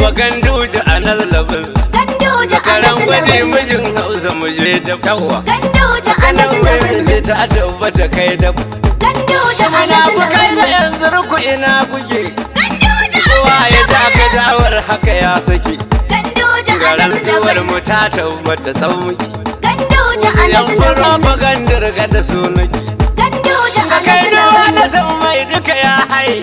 ba ganduje a nazlabin ganduje a mijin hausa mu je da yawa ganduje a ta tabbata kai da ganduje a nazlabin na yanzu ruku ina kuke ganduje a ya taka dawar haka ya saki ganduje a nazlabin mu ta tabbata tsauki ganduje a nazlabin yan gandar ga da sunaki kai da mai duka ya hai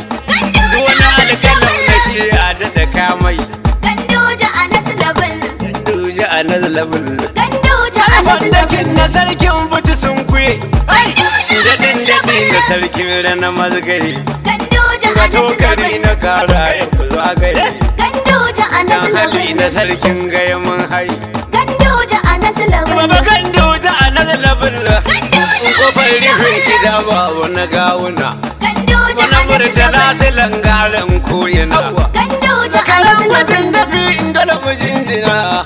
level Dandakin na sarkin buci sun da Dadin dabi na sarkin ranar na kara ya kuzo a gari Na hali na sarkin gaya mun hari Baba Gandoja a nasa level Kofar rufin gida ba wani gawuna Wani murtala silan garin koyina Karan wajen dabi in galabu jinjina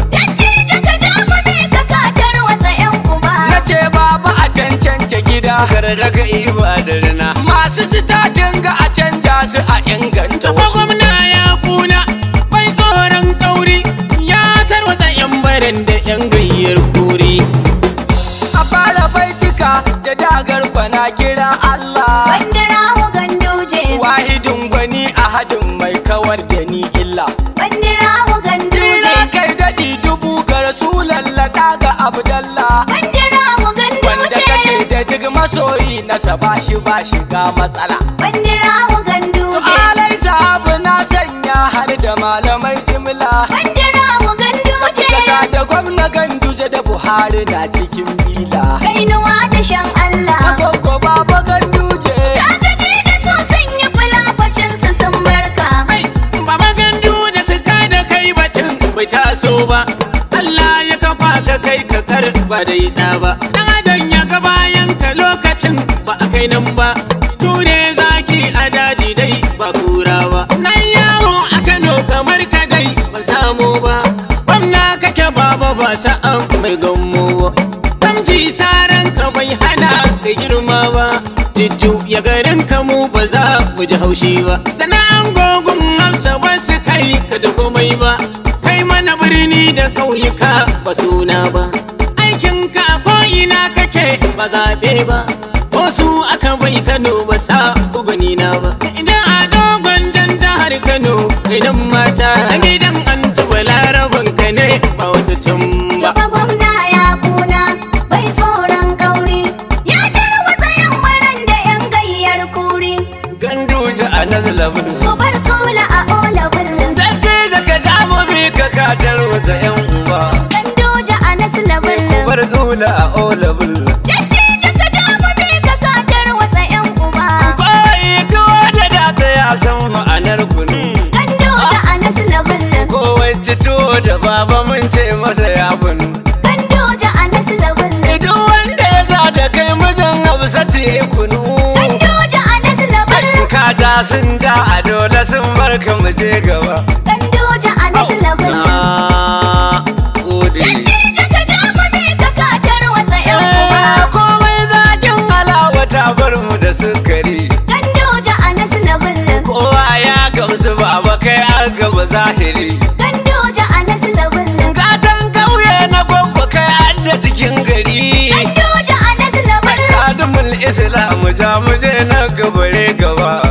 daga ibadar na masu ta ga a canja su a inganta wasu gwamna ya kuna bai tsoron kauri ya tarwatsa yan barin masoyi na ba shi ba shiga matsala bandirawo ganduje alai sabu na sanya har da malamai jimla bandirawo ganduje kasa da gwamna ganduje da buhari na cikin bila kainuwa da shan allah na koko baba ganduje da sun sanya su sun barka baba ganduje su ka da kai batun bai taso ba allah ya kafa ka kai ka karba daina ba dan adam ya gaba kai nan ba ture zaki a daji dai ba kura ba nan yawo a kano kamar ka dai ba samu ba gwamna kake baba ba sa'an mai gammo ba tamji saran ka bai hana ka girma ba jujju ya garin ka mu ba za mu ji haushi ba sana'an gogun amsa su kai ka da komai ba kai mana birni da ƙauyuka ba suna ba aikinka ko ina kake ba zaɓe ba wasu aka bai Kano ba sa ubani na ba ina a dogon jan jihar Kano idan mata gidan an ji larabin ka ne ba wata can ba gwamna ya bai tsoron kauri ya tarwata yan da yan gayyar kuri a nan bar a nan mata sun ja a dole sun bar ka mu je gaba dan doja a nasu labin gode katar yan eh, zakin ta da sukari ya gamsu baba zahiri a nasu gatan kauye na gwagwa kai an da cikin gari a nasu labin kadumul islam ja na gabare gaba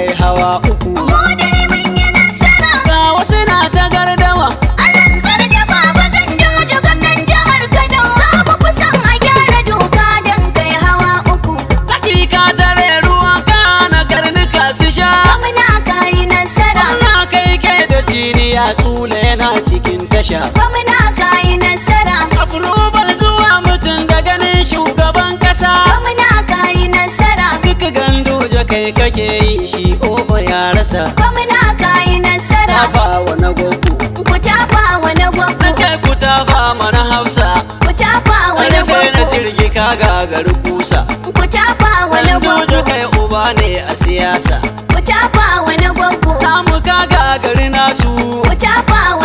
tasha gwamna ka yi nasara approval zuwa mutum da ganin shugaban kasa gwamna ka yi nasara duk gandu kai kake yi shi oho ya rasa gwamna ka yi nasara ba wa na gogo ku ba wa na gogo na ce ku mana hausa ku ba wa na gogo na jirgi ka gagaru kusa ku ba wa na gogo kai uba ne a siyasa ku ba wa na gogo namu ka gagari nasu ku tafa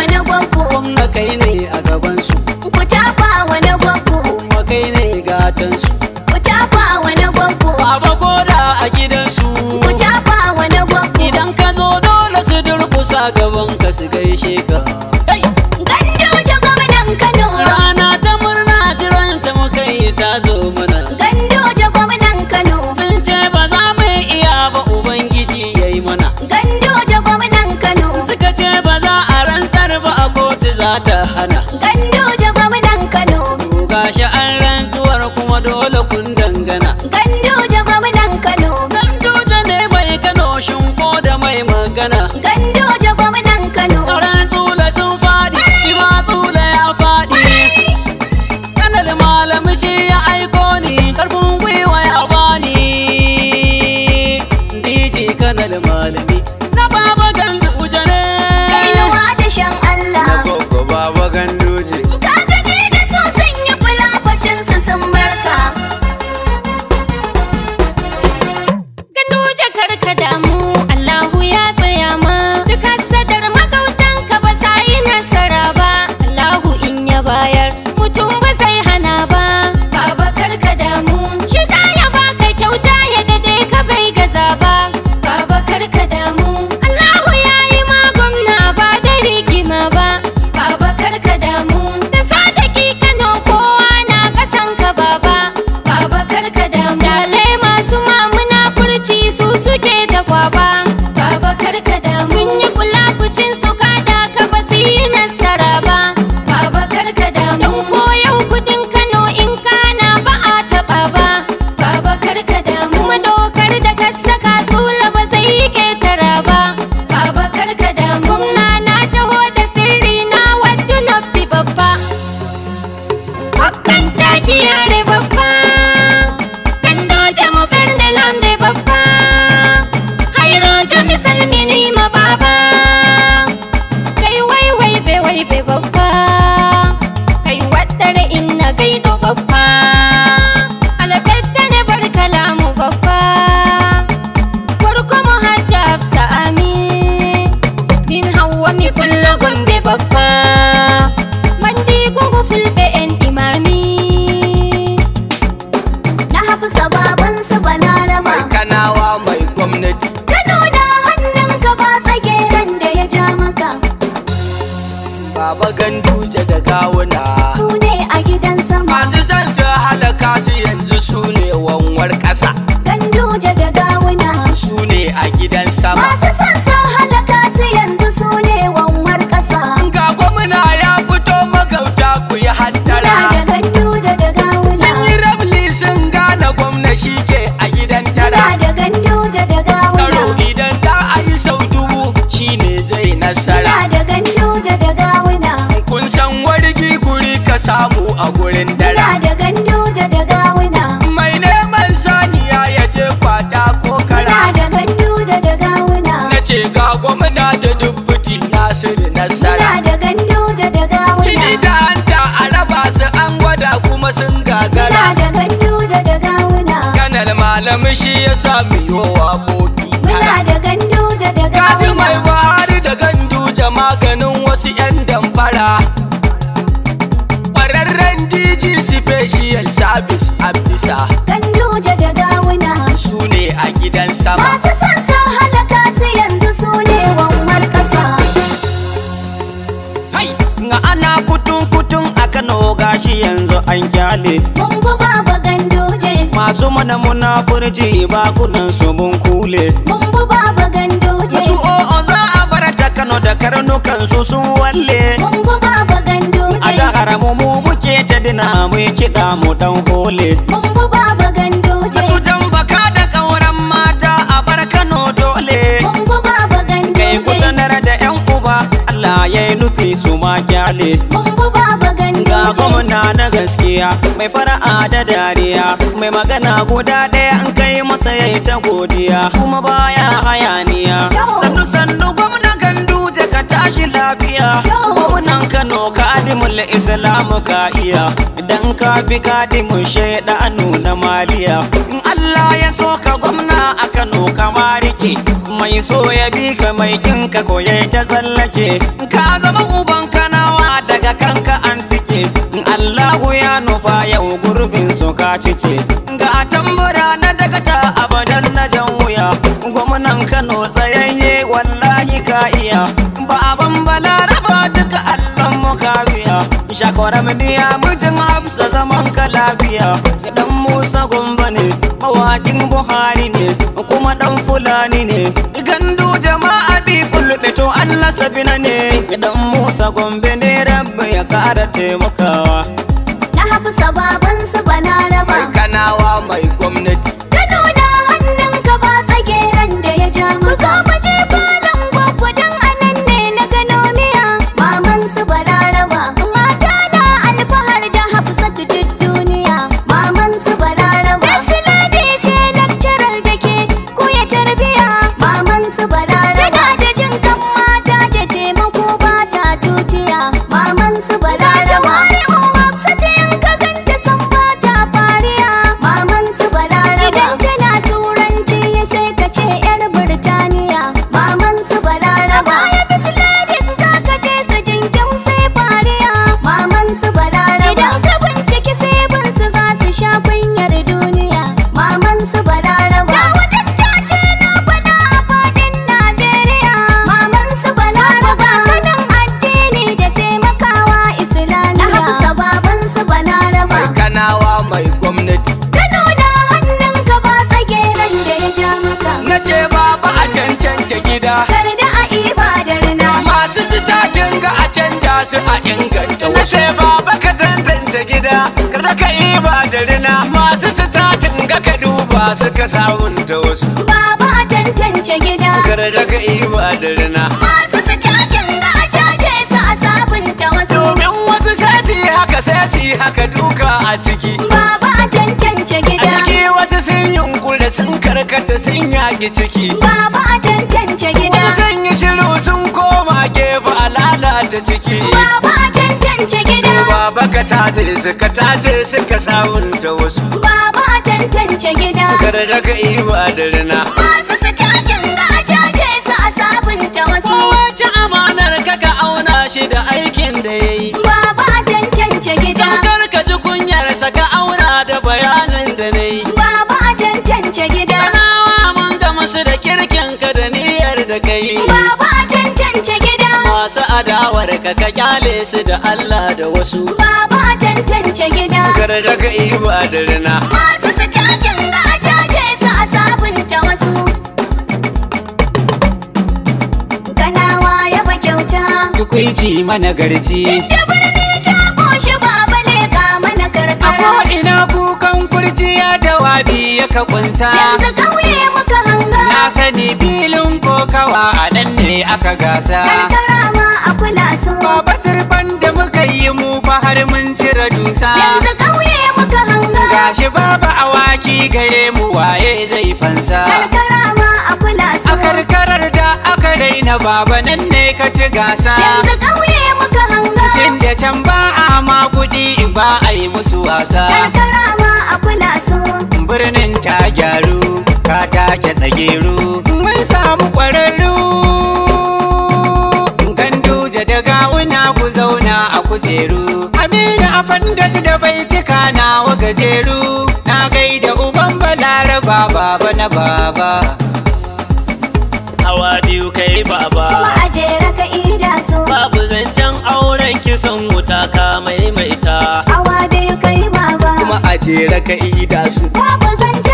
kullu gombe babba nasara da gandu da gawuna kun san wargi kuri ka samu a gurin dara da gandu da gawuna mai neman saniya ya je kwata ko kara da gandu da gawuna na ce ga gwamna da dubbuki nasiru nasara da gandu da gawuna jini da hanta a raba su an gwada kuma sun gagara da gandu da gawuna kanal malam shi ya sami yowa ko ganin wasu 'yan damfara ƙwararren dg special service a ɗan duje da gawuna su ne a gidan sama masu son sa halaka su yanzu su ne wanwar ƙasa hai nga ana kutun kutun a kano gashi yanzu an gyale bumbu baba ganduje masu mana munafurci bakunan su mun kule bumbu baba ganduje masu o'o za a Kano da Karno su sun walle. Kungu babu gandu A da mu mu muke ta dina mu kiɗa mu dan hole Kungu gandu ganduje. Su jan baka da ƙauran mata a bar Kano dole. Kungu baba ganduje. Kai ku sanar da 'yan uba Allah ya yi nufi su ma kyale. Kungu baba ganduje. Ga gwamna na gaskiya mai fara'a da dariya mai magana guda ɗaya an kai masa yayi ta godiya kuma baya hayaniya. Sannu sannu gwamna tashi lafiya Maunan Kano kadimul Islam ka iya Idan ka fi kadimun shaidanu na maliya In Allah ya so ka gwamna a Kano kama rike Mai so ya bi ka mai kin ka koye ta tsallake Ka zama uban kanawa daga kanka an tike In Allahu ya nufa yau gurbin so ka cike Ga tambura na daga ta abadan na jan wuya Gwamnan Kano tsayayye wallahi ka iya shakwara midiya mijin hafsa zaman ka lafiya musa gumba ne mawakin buhari ne kuma dan fulani ne gandu jama'a bi fulbe to allah sabina ne ɗan musa gombe ne rabbi ya ƙara taimakawa ba da rina masu sitatin ga ka duba suka ta wasu baba a tantance gida kar da ka ba da rina masu sitatin ga a caje su a sabunta wasu domin wasu sai su yi haka sai su yi haka duka a ciki baba a tantance gida a ciki wasu sun yunkula sun karkata sun yaki ciki baba a tantance gida wasu sun yi shiru sun koma gefe a lalata ciki suka tace suka tace suka sabunta wasu baba a tantance gida kar ka yi da dirna masu su tacin da a caje su a sabunta wasu wace amanar ka ka auna shi da aikin da ya yi baba a tantance gida kar ka ji kunyar ka auna da bayanin da na yi baba a tantance gida nawa mun ga musu da kirkin ka da niyyar da ka yi baba a tantance gida masu adawar ka ka kyale su da Allah da wasu kar daga na. masu sitakin za a caje su a sabunta wasu ganawa ya ba kyauta tukwici mana garji inda birni ta koshi baba ka mana karkara a ina kukan kurciya jawabi ya ka kunsa yanzu ƙauye muka hanga na sani filin kokawa a ɗan ne aka gasa karkara ma a kula su baba sirfan da yi mu fa har mun cire dusa yanzu ƙauye muka hanga gashi babu awaki gare mu waye zai fansa karkara a kula su a karkarar da aka daina baba nan ne ka ci gasa yanzu ƙauye muka hanga tun da can ba a ma kuɗi ba a yi musu wasa karkara a kula su birnin ta gyaru ka take tsageru mun samu ƙwararru Khadija da gawuna ku zauna a kujeru. Aminu a fandati da baitika wa gajeru. Na gaida uban balaraba baba na baba. Hawa biyu kai baba. Kuma a jera ka ida su. Babu zancen auren kisan wuta ka maimaita. Hawa biyu kai baba. Kuma a jera ka ida su. Babu zancen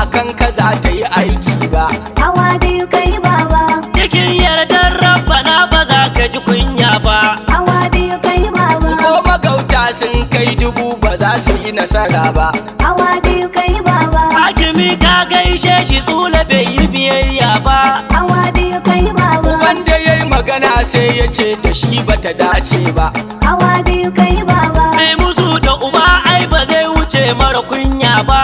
akan ka za ta yi aiki ba hawa biyu kai baba cikin yardar rabbana ba za ka ji kunya ba hawa biyu kai baba ko magauta sun kai dubu ba za su yi nasara ba hawa biyu kai baba hakimi ka gaishe shi tsula bai yi biyayya ba hawa biyu kai baba wanda ya yi magana sai ya ce da shi ba ta dace ba hawa biyu kai baba mai musu da uba ai ba zai wuce mara kunya ba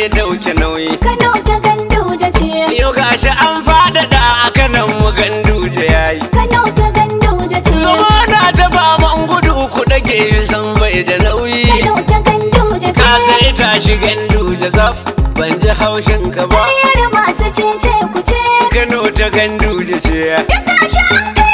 ya dauke nauyi Kano ta ganduje ce Yau gashi an fadada a kanan mu ganduje yayi Kano ta ganduje ce Zama na ta ba man gudu ku dage san bai da nauyi Kano ta ganduje ce Ka sai shi ganduje zab ban ji haushin ka ba yar masu cece ku ce Kano ta ganduje ce ya. gashi an